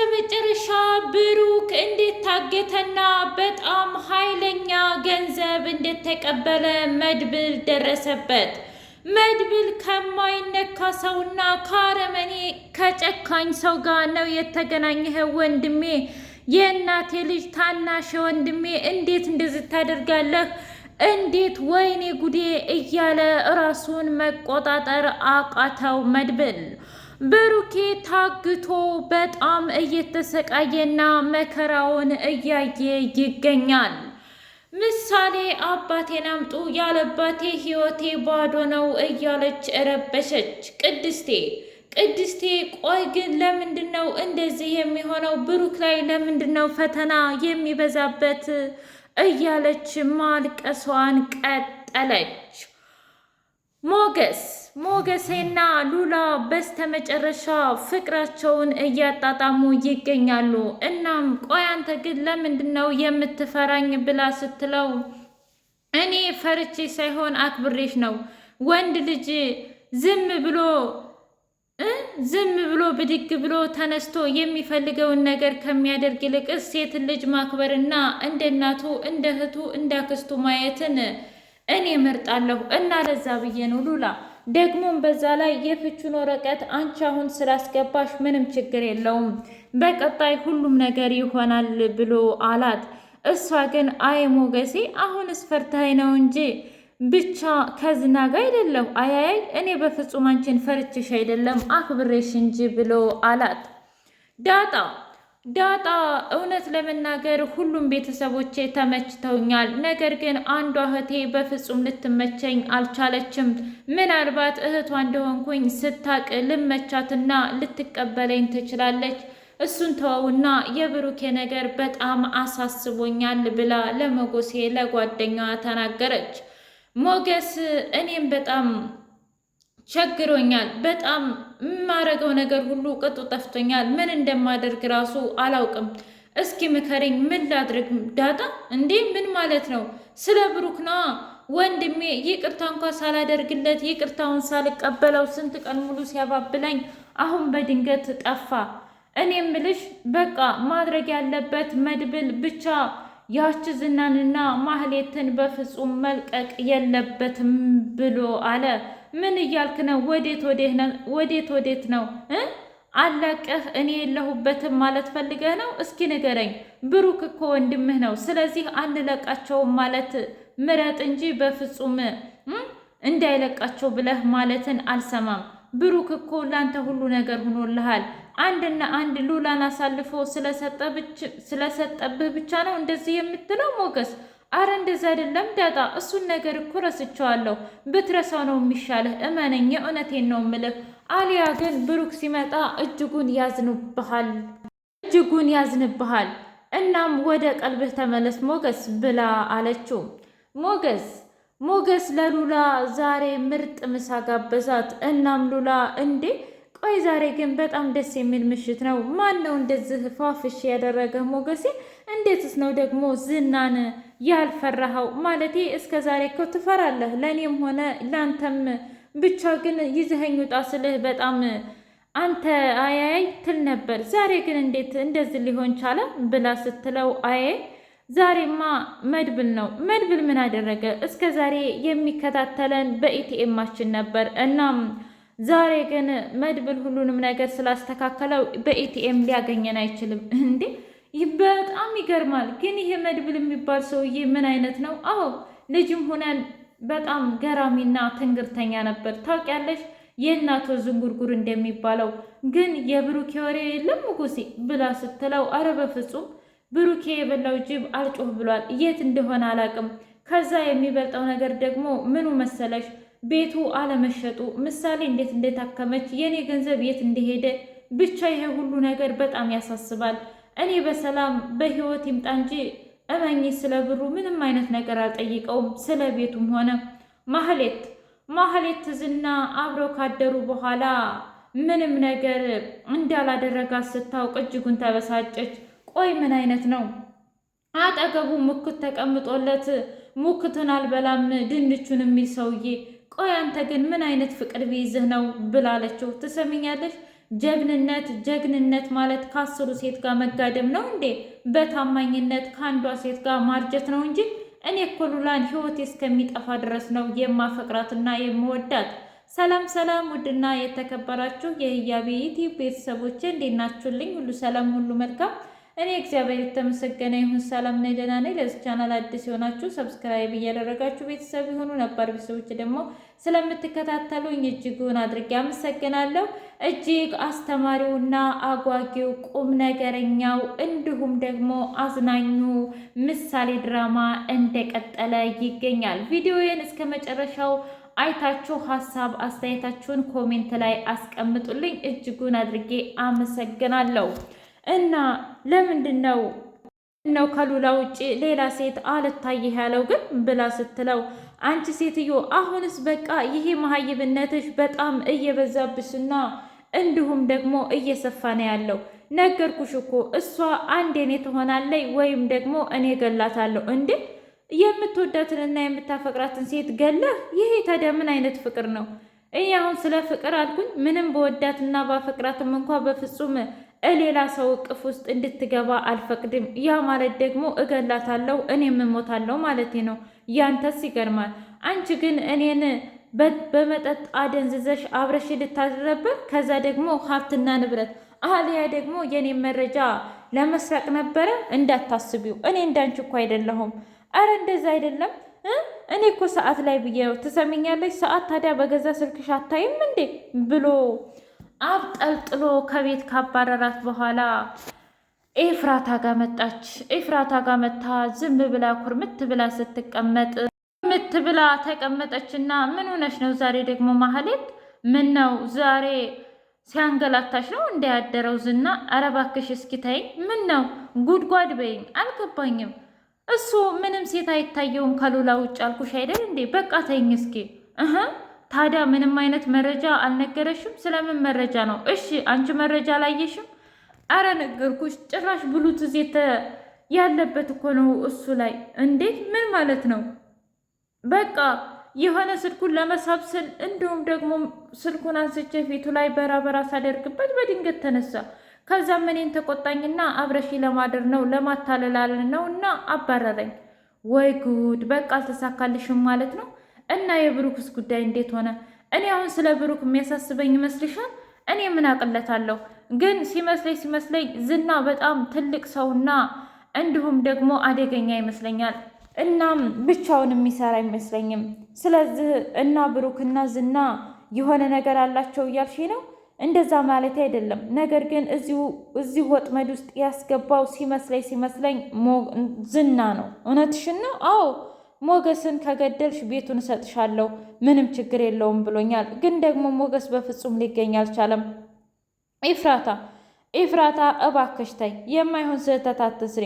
በስተመጨረሻ ብሩክ እንዴት ታገተና በጣም ኃይለኛ ገንዘብ እንደተቀበለ መድብል ደረሰበት። መድብል ከማይነካ ሰውና ከአረመኔ ከጨካኝ ሰው ጋር ነው የተገናኘህ ወንድሜ፣ የእናቴ ልጅ ታናሽ ወንድሜ፣ እንዴት እንደዚህ ታደርጋለህ? እንዴት ወይኔ ጉዴ እያለ ራሱን መቆጣጠር አቃተው መድብል ብሩኬ ታግቶ በጣም እየተሰቃየና መከራውን እያየ ይገኛል። ምሳሌ አባቴን አምጡ ያለባቴ ህይወቴ ባዶ ነው እያለች ረበሸች ቅድስቴ። ቅድስቴ ቆይ ግን ለምንድን ነው እንደዚህ የሚሆነው? ብሩክ ላይ ለምንድን ነው ፈተና የሚበዛበት? እያለች ማልቀሷን ቀጠለች። ሞገስ ሞገሴና ሉላ በስተመጨረሻ ፍቅራቸውን እያጣጣሙ ይገኛሉ። እናም ቆይ አንተ ግን ለምንድን ነው የምትፈራኝ ብላ ስትለው እኔ ፈርቼ ሳይሆን አክብሬሽ ነው። ወንድ ልጅ ዝም ብሎ ዝም ብሎ ብድግ ብሎ ተነስቶ የሚፈልገውን ነገር ከሚያደርግ ይልቅስ ሴትን ልጅ ማክበርና እንደ እናቱ እንደ እህቱ እንዳክስቱ ማየትን እኔ መርጣለሁ እና ለዛ ብዬ ነው ሉላ። ደግሞም በዛ ላይ የፍቹን ወረቀት አንቺ አሁን ስላስገባሽ ምንም ችግር የለውም፣ በቀጣይ ሁሉም ነገር ይሆናል ብሎ አላት። እሷ ግን አይ ሞገሴ፣ አሁን እስፈርታይ ነው እንጂ ብቻ ከዝና ጋር አይደለም። አያያይ እኔ በፍጹም አንቺን ፈርችሽ አይደለም አክብሬሽ እንጂ ብሎ አላት ዳጣ ዳጣ እውነት ለመናገር ሁሉም ቤተሰቦቼ ተመችተውኛል። ነገር ግን አንዷ እህቴ በፍጹም ልትመቸኝ አልቻለችም። ምናልባት እህቷ እንደሆንኩኝ ስታቅ ልመቻትና ልትቀበለኝ ትችላለች። እሱን ተወውና የብሩኬ ነገር በጣም አሳስቦኛል ብላ ለመጎሴ ለጓደኛዋ ተናገረች። ሞገስ እኔም በጣም ቸግሮኛል። በጣም የማረገው ነገር ሁሉ ቅጡ ጠፍቶኛል። ምን እንደማደርግ ራሱ አላውቅም። እስኪ ምከሪኝ፣ ምን ላድርግ? ዳጣ እንዴ፣ ምን ማለት ነው? ስለ ብሩክና ወንድሜ ይቅርታ እንኳ ሳላደርግለት ይቅርታውን ሳልቀበለው ስንት ቀን ሙሉ ሲያባብለኝ አሁን በድንገት ጠፋ። እኔ ምልሽ በቃ ማድረግ ያለበት መድብል ብቻ ያች ዝናንና ማህሌትን በፍጹም መልቀቅ የለበትም ብሎ አለ። ምን እያልክ ነው? ወዴት ወዴት ነው እ አላቀህ እኔ የለሁበትም ማለት ፈልገህ ነው? እስኪ ንገረኝ። ብሩክ እኮ ወንድምህ ነው። ስለዚህ አንለቃቸውም ማለት ምረጥ እንጂ በፍጹም እንዳይለቃቸው ብለህ ማለትን አልሰማም። ብሩክ እኮ ላንተ ሁሉ ነገር ሆኖልሃል። አንድና አንድ ሉላን አሳልፎ ስለሰጠብህ ብቻ ነው እንደዚህ የምትለው ሞገስ አረ እንደዛ አይደለም ዳጣ፣ እሱን ነገር እኮ ረስቸዋለሁ። ብትረሳው ነው የሚሻልህ፣ እመነኝ። የእውነቴን ነው ምልህ። አሊያ ግን ብሩክ ሲመጣ እጅጉን ያዝንብሃል፣ እጅጉን ያዝንብሃል። እናም ወደ ቀልብህ ተመለስ ሞገስ ብላ አለችው። ሞገስ ሞገስ ለሉላ ዛሬ ምርጥ ምሳ ጋበዛት። እናም ሉላ እንዴ ቆይ ዛሬ ግን በጣም ደስ የሚል ምሽት ነው። ማን ነው እንደዚህ ፏፍሽ ያደረገ ሞገሴ? እንዴትስ ነው ደግሞ ዝናን ያልፈራኸው ማለቴ እስከ ዛሬ እኮ ትፈራለህ፣ ለእኔም ሆነ ለአንተም። ብቻ ግን ይዘኸኝ ውጣ ስልህ በጣም አንተ አያይ ትል ነበር። ዛሬ ግን እንዴት እንደዚህ ሊሆን ቻለ ብላ ስትለው አየ ዛሬማ መድብል ነው። መድብል ምን አደረገ? እስከ ዛሬ የሚከታተለን በኢቲኤማችን ነበር። እናም ዛሬ ግን መድብል ሁሉንም ነገር ስላስተካከለው በኢቲኤም ሊያገኘን አይችልም እንዴ ይህ በጣም ይገርማል። ግን ይሄ መድብል የሚባል ሰውዬ ምን አይነት ነው? አዎ ልጅም ሆነን በጣም ገራሚና ትንግርተኛ ነበር። ታውቂያለሽ የእናቶ ዝንጉርጉር እንደሚባለው ግን የብሩኬ ወሬ የለም ጉሴ ብላ ስትለው፣ አረ በፍጹም ብሩኬ የበላው ጅብ አልጮህ ብሏል። የት እንደሆነ አላቅም። ከዛ የሚበልጠው ነገር ደግሞ ምኑ መሰለሽ ቤቱ አለመሸጡ፣ ምሳሌ እንዴት እንደታከመች፣ የእኔ ገንዘብ የት እንደሄደ፣ ብቻ ይሄ ሁሉ ነገር በጣም ያሳስባል። እኔ በሰላም በህይወት ይምጣ እንጂ እመኝ ስለ ብሩ ምንም አይነት ነገር አልጠይቀውም። ስለ ቤቱም ሆነ ማህሌት ማህሌት ዝና አብረው ካደሩ በኋላ ምንም ነገር እንዳላደረጋት ስታውቅ እጅጉን ተበሳጨች። ቆይ ምን አይነት ነው? አጠገቡ ሙክት ተቀምጦለት ሙክትን አልበላም ድንቹን የሚል ሰውዬ፣ ቆይ አንተ ግን ምን አይነት ፍቅር ቢይዝህ ነው ብላለችው። ትሰምኛለች ጀግንነት ጀግንነት ማለት ከአስሩ ሴት ጋር መጋደም ነው እንዴ? በታማኝነት ከአንዷ ሴት ጋር ማርጀት ነው እንጂ እኔ እኮ ሉላን እስከሚጠፋ ድረስ ነው የማፈቅራትና የምወዳት። ሰላም ሰላም! ውድና የተከበራችሁ የህያቤ ቤተሰቦቼ እንዴት ናችሁልኝ? ሁሉ ሰላም፣ ሁሉ መልካም እኔ እግዚአብሔር የተመሰገነ ይሁን ሰላም ነኝ፣ ደህና ነኝ። ለዚህ ቻናል አዲስ የሆናችሁ ሰብስክራይብ እያደረጋችሁ ቤተሰብ የሆኑ ነባር ቤተሰቦች ደግሞ ስለምትከታተሉኝ እጅጉን አድርጌ አመሰግናለሁ። እጅግ አስተማሪውና አጓጊው ቁም ነገረኛው እንዲሁም ደግሞ አዝናኙ ምሳሌ ድራማ እንደቀጠለ ይገኛል። ቪዲዮዬን እስከ መጨረሻው አይታችሁ ሀሳብ አስተያየታችሁን ኮሜንት ላይ አስቀምጡልኝ። እጅጉን አድርጌ አመሰግናለሁ። እና ለምንድን ነው ነው ከሉላ ውጭ ሌላ ሴት አልታይህ ያለው ግን ብላ ስትለው አንቺ ሴትዮ አሁንስ በቃ ይሄ መሀይብነትሽ በጣም እየበዛብሽና እንዲሁም ደግሞ እየሰፋ ነው ያለው። ነገርኩሽ እኮ እሷ አንድ እኔ ትሆናለች ወይም ደግሞ እኔ ገላታለሁ። እንዴ የምትወዳትንና የምታፈቅራትን ሴት ገለህ? ይሄ ታዲያ ምን አይነት ፍቅር ነው? እኔ አሁን ስለ ፍቅር አልኩኝ ምንም በወዳትና ባፈቅራትም እንኳ በፍጹም ሌላ ሰው እቅፍ ውስጥ እንድትገባ አልፈቅድም። ያ ማለት ደግሞ እገላታለሁ፣ እኔም እሞታለሁ ማለት ነው። ያንተስ ይገርማል። አንቺ ግን እኔን በመጠጥ አደንዝዘሽ አብረሽ ልታድረብን፣ ከዛ ደግሞ ሀብትና ንብረት አሊያ ደግሞ የእኔ መረጃ ለመስረቅ ነበረ። እንዳታስቢው፣ እኔ እንዳንቺ እኮ አይደለሁም። አረ እንደዛ አይደለም። እኔ እኮ ሰዓት ላይ ብዬ ነው። ትሰሚኛለሽ? ሰዓት ታዲያ በገዛ ስልክሽ አታይም እንዴ ብሎ አብጠልጥሎ ከቤት ካባረራት በኋላ ኤፍራታ ጋ መጣች። ኤፍራታ ጋ መታ ዝም ብላ ኩርምት ብላ ስትቀመጥ ኩርምት ብላ ተቀመጠችና ምን ሆነሽ ነው ዛሬ ደግሞ ማህሌት? ምን ነው ዛሬ ሲያንገላታሽ ነው እንደ ያደረው ዝና? ኧረ እባክሽ እስኪ ተይኝ። ምን ነው ጉድጓድ በይኝ። አልገባኝም። እሱ ምንም ሴት አይታየውም ከሉላ ውጭ አልኩሽ አይደል እንዴ? በቃ ተይኝ እስኪ ታዲያ ምንም አይነት መረጃ አልነገረሽም? ስለምን መረጃ ነው? እሺ አንቺ መረጃ አላየሽም? አረ ነገርኩሽ። ጭራሽ ብሉቱዝ ያለበት እኮ ነው እሱ ላይ። እንዴት? ምን ማለት ነው? በቃ የሆነ ስልኩን ለመሳብ ስል እንዲሁም ደግሞ ስልኩን አንስቼ ፊቱ ላይ በራበራ ሳደርግበት በድንገት ተነሳ። ከዛም እኔን ተቆጣኝና አብረሺ ለማደር ነው ለማታለላል ነው እና አባረረኝ። ወይ ጉድ! በቃ አልተሳካልሽም ማለት ነው እና የብሩክስ ጉዳይ እንዴት ሆነ? እኔ አሁን ስለ ብሩክ የሚያሳስበኝ ይመስልሻል? እኔ ምን አቅለታለሁ? ግን ሲመስለኝ ሲመስለኝ ዝና በጣም ትልቅ ሰውና እንዲሁም ደግሞ አደገኛ ይመስለኛል። እናም ብቻውን የሚሰራ አይመስለኝም። ስለዚህ እና ብሩክና ዝና የሆነ ነገር አላቸው እያልሽ ነው? እንደዛ ማለት አይደለም። ነገር ግን እዚህ ወጥመድ ውስጥ ያስገባው ሲመስለኝ ሲመስለኝ ዝና ነው። እውነትሽን ነው? አዎ ሞገስን ከገደልሽ ቤቱን እሰጥሻለሁ ምንም ችግር የለውም ብሎኛል። ግን ደግሞ ሞገስ በፍጹም ሊገኝ አልቻለም። ኢፍራታ ኢፍራታ እባክሽ ተይ፣ የማይሆን ስህተት አትስሪ።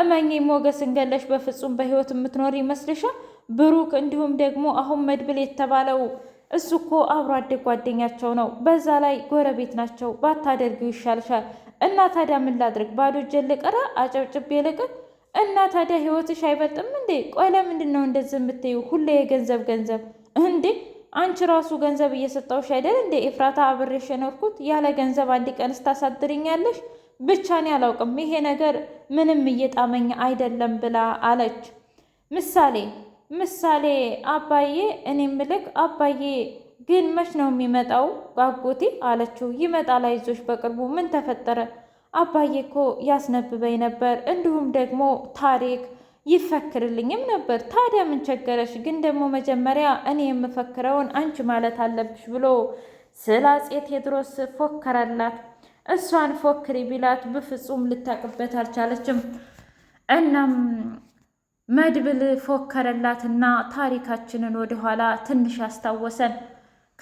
እመኚ ሞገስን ገለሽ በፍጹም በህይወት የምትኖር ይመስልሻል? ብሩክ እንዲሁም ደግሞ አሁን መድብል የተባለው እሱ እኮ አብሮ አደግ ጓደኛቸው ነው። በዛ ላይ ጎረቤት ናቸው። ባታደርጊው ይሻልሻል። እና ታዲያ ምን ላድርግ? ባዶ እጄን ልቅራ? አጨብጭቤ ልቅር? እና ታዲያ ህይወትሽ አይበልጥም እንዴ? ቆይ ለምንድን ነው እንደዚህ የምትይው? ሁሌ የገንዘብ ገንዘብ እንዴ? አንቺ ራሱ ገንዘብ እየሰጠውሽ አይደል እንዴ? ኤፍራታ አብሬሽ የኖርኩት ያለ ገንዘብ አንድ ቀን ስታሳድርኛለሽ። ብቻ እኔ አላውቅም ይሄ ነገር ምንም እየጣመኝ አይደለም ብላ አለች። ምሳሌ ምሳሌ አባዬ፣ እኔ ምልክ አባዬ ግን መች ነው የሚመጣው? ባጎቴ አለችው። ይመጣል፣ አይዞሽ፣ በቅርቡ ምን ተፈጠረ? አባዬ እኮ ያስነብበኝ ነበር፣ እንዲሁም ደግሞ ታሪክ ይፈክርልኝም ነበር። ታዲያ ምን ቸገረሽ? ግን ደግሞ መጀመሪያ እኔ የምፈክረውን አንቺ ማለት አለብሽ ብሎ ስለ አፄ ቴዎድሮስ ፎከረላት። እሷን ፎክሪ ቢላት በፍጹም ልታቅበት አልቻለችም። እናም መድብል ፎከረላትና ታሪካችንን ወደኋላ ትንሽ አስታወሰን።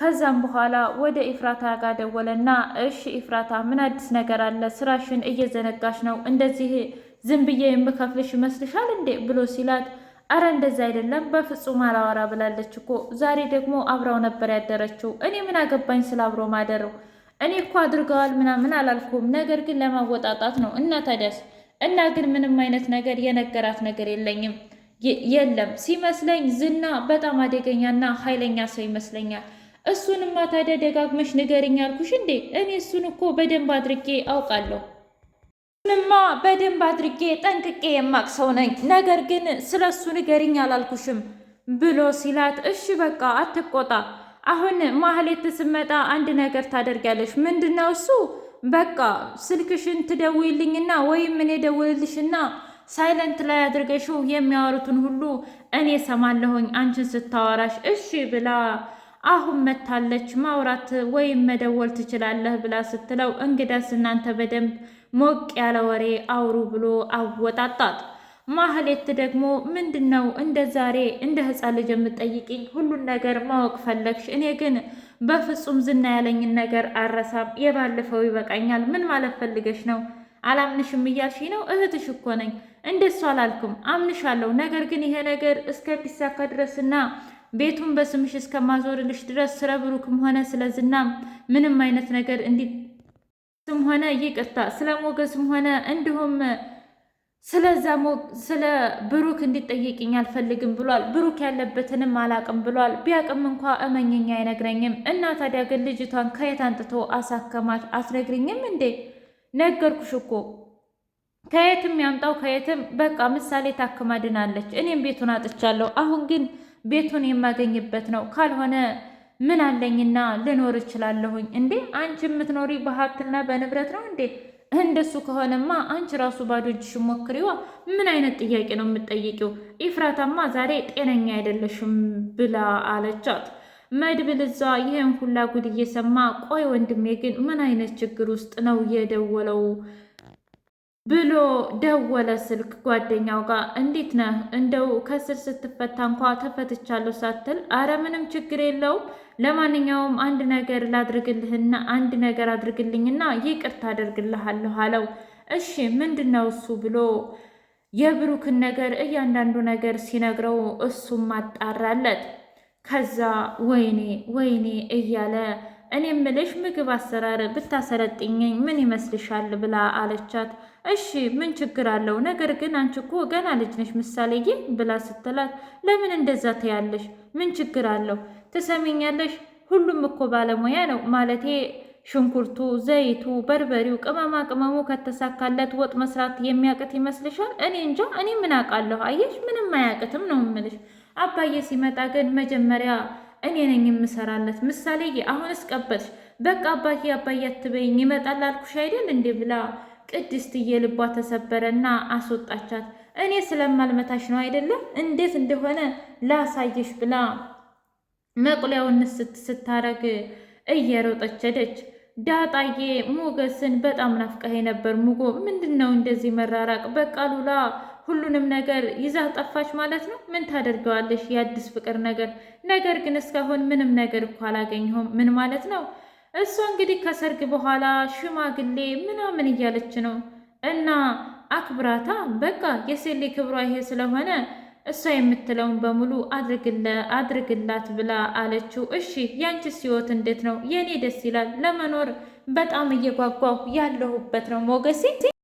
ከዛም በኋላ ወደ ኢፍራታ ጋር ደወለና እሺ ኢፍራታ፣ ምን አዲስ ነገር አለ? ስራሽን እየዘነጋሽ ነው። እንደዚህ ዝም ብዬ የምከፍልሽ ይመስልሻል እንዴ? ብሎ ሲላት አረ እንደዛ አይደለም በፍጹም አላወራ ብላለች እኮ። ዛሬ ደግሞ አብራው ነበር ያደረችው። እኔ ምን አገባኝ ስለ አብሮ ማደረው እኔ እኮ አድርገዋል ምናምን አላልኩም፣ ነገር ግን ለማወጣጣት ነው። እና ታዲያስ? እና ግን ምንም አይነት ነገር የነገራት ነገር የለኝም የለም። ሲመስለኝ ዝና በጣም አደገኛና ኃይለኛ ሰው ይመስለኛል። እሱንማ ታዲያ ደጋግመሽ ንገርኝ አልኩሽ እንዴ? እኔ እሱን እኮ በደንብ አድርጌ አውቃለሁ። እሱንማ በደንብ አድርጌ ጠንቅቄ የማቅ ሰው ነኝ። ነገር ግን ስለ እሱ ንገርኝ አላልኩሽም ብሎ ሲላት፣ እሺ በቃ አትቆጣ። አሁን ማህሌት ስመጣ አንድ ነገር ታደርጊያለሽ። ምንድን ነው እሱ? በቃ ስልክሽን ትደውይልኝና ወይም እኔ ደውልልሽና ሳይለንት ላይ አድርገሽው የሚያወሩትን ሁሉ እኔ ሰማለሁኝ አንቺን ስታወራሽ። እሺ ብላ አሁን መታለች ማውራት ወይም መደወል ትችላለህ ብላ ስትለው እንግዳስ እናንተ በደንብ ሞቅ ያለ ወሬ አውሩ ብሎ አወጣጣት። ማህሌት ደግሞ ምንድን ነው እንደ ዛሬ እንደ ህፃን ልጅ የምጠይቅኝ? ሁሉን ነገር ማወቅ ፈለግሽ? እኔ ግን በፍጹም ዝና ያለኝን ነገር አረሳም። የባለፈው ይበቃኛል። ምን ማለት ፈልገሽ ነው? አላምንሽም እያልሽ ነው? እህትሽ እኮ ነኝ። እንደሱ አላልኩም። አምንሻለሁ። ነገር ግን ይሄ ነገር እስከሚሳካ ድረስና ቤቱን በስምሽ እስከማዞርልሽ ድረስ ስለ ብሩክም ሆነ ስለ ምንም አይነት ነገር እንዲስም ሆነ ይቅርታ፣ ስለ ሞገስም ሆነ እንዲሁም ስለዛ ስለ ብሩክ እንዲጠየቅኝ አልፈልግም ብሏል። ብሩክ ያለበትንም አላቅም ብሏል። ቢያቅም እንኳ እመኝኛ አይነግረኝም። እና ታዲያ ግን ልጅቷን ከየት አንጥቶ አሳከማት? አትነግርኝም እንዴ? ነገርኩሽ እኮ ከየትም ያምጣው ከየትም፣ በቃ ምሳሌ ታክማ ድናለች። እኔም ቤቱን አጥቻለሁ። አሁን ግን ቤቱን የማገኝበት ነው። ካልሆነ ምን አለኝና ልኖር እችላለሁኝ እንዴ? አንቺ የምትኖሪ በሀብትና በንብረት ነው እንዴ? እንደሱ ከሆነማ አንቺ ራሱ ባዶ እጅሽ ሞክሪዋ። ምን አይነት ጥያቄ ነው የምትጠይቂው? ኢፍራታማ ዛሬ ጤነኛ አይደለሽም ብላ አለቻት። መድብል እዛ ይህን ሁላ ጉድ እየሰማ ቆይ ወንድሜ ግን ምን አይነት ችግር ውስጥ ነው የደወለው ብሎ ደወለ ስልክ ጓደኛው ጋር። እንዴት ነህ? እንደው ከስር ስትፈታ እንኳ ተፈትቻለሁ ሳትል፣ አረ ምንም ችግር የለውም ለማንኛውም አንድ ነገር ላድርግልህና አንድ ነገር አድርግልኝና ይቅርታ አደርግልሃለሁ አለው። እሺ ምንድን ነው እሱ? ብሎ የብሩክን ነገር እያንዳንዱ ነገር ሲነግረው እሱም አጣራለት። ከዛ ወይኔ ወይኔ እያለ እኔ ምልሽ ምግብ አሰራር ብታሰለጥኘኝ ምን ይመስልሻል? ብላ አለቻት። እሺ ምን ችግር አለው? ነገር ግን አንቺ እኮ ገና ልጅ ነሽ ምሳሌዬ ብላ ስትላት፣ ለምን እንደዛ ትያለሽ? ምን ችግር አለው? ትሰሚኛለሽ? ሁሉም እኮ ባለሙያ ነው ማለቴ ሽንኩርቱ፣ ዘይቱ፣ በርበሬው፣ ቅመማ ቅመሙ ከተሳካለት ወጥ መስራት የሚያቅት ይመስልሻል? እኔ እንጃ፣ እኔ ምን አውቃለሁ። አየሽ፣ ምንም አያቅትም ነው ምልሽ። አባዬ ሲመጣ ግን መጀመሪያ እኔ ነኝ የምሰራለት። ምሳሌ አሁን ቀበልሽ? በቃ አባዬ አባዬ አትበይኝ ይመጣል አልኩሽ አይደል እንዴ ብላ ቅድስትዬ ልቧ ተሰበረና አስወጣቻት። እኔ ስለማልመታሽ ነው አይደለም እንዴት እንደሆነ ላሳየሽ ብላ መቁለያውን ስት ስታረግ እየሮጠች ሄደች። ዳጣዬ ሞገስን በጣም ናፍቃሄ ነበር። ሙጎ ምንድን ነው እንደዚህ መራራቅ? በቃ ሉላ ሁሉንም ነገር ይዛ ጠፋች ማለት ነው። ምን ታደርገዋለሽ የአዲስ ፍቅር ነገር። ነገር ግን እስካሁን ምንም ነገር እኮ አላገኘሁም። ምን ማለት ነው? እሷ እንግዲህ ከሰርግ በኋላ ሽማግሌ ምናምን እያለች ነው እና አክብራታ በቃ የሴሌ ክብሯ ይሄ ስለሆነ እሷ የምትለውን በሙሉ አድርግላት ብላ አለችው። እሺ ያንቺስ ህይወት እንዴት ነው? የእኔ ደስ ይላል። ለመኖር በጣም እየጓጓሁ ያለሁበት ነው ሞገሴ